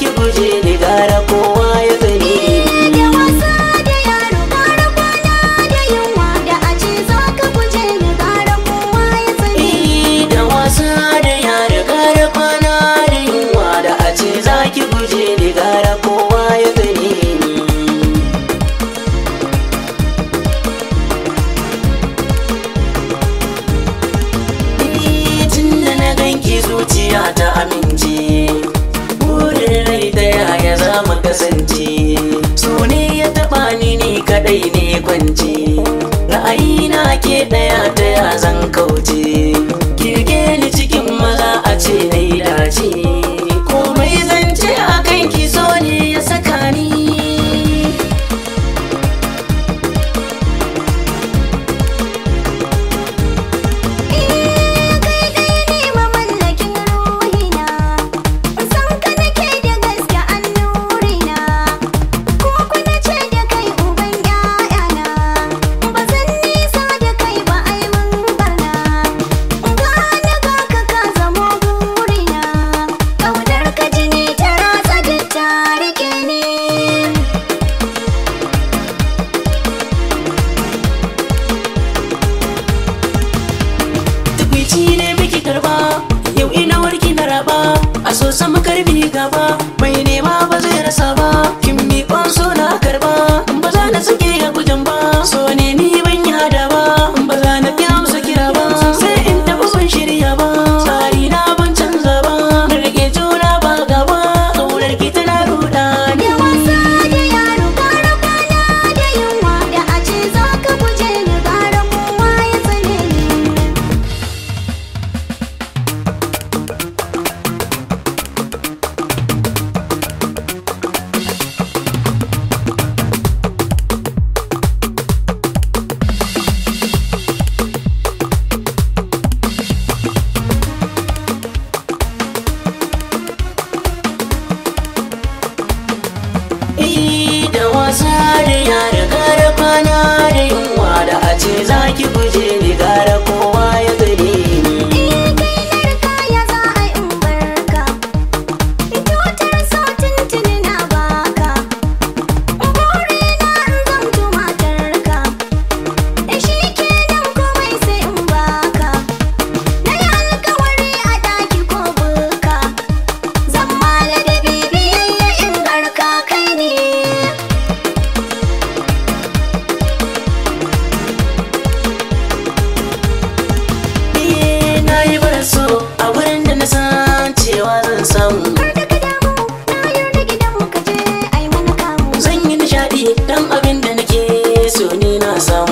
ki kuje ni gara ko ke daya ɗaya zan kau you would. zan Zan yi nishaɗi dan abin da nake so ni na samu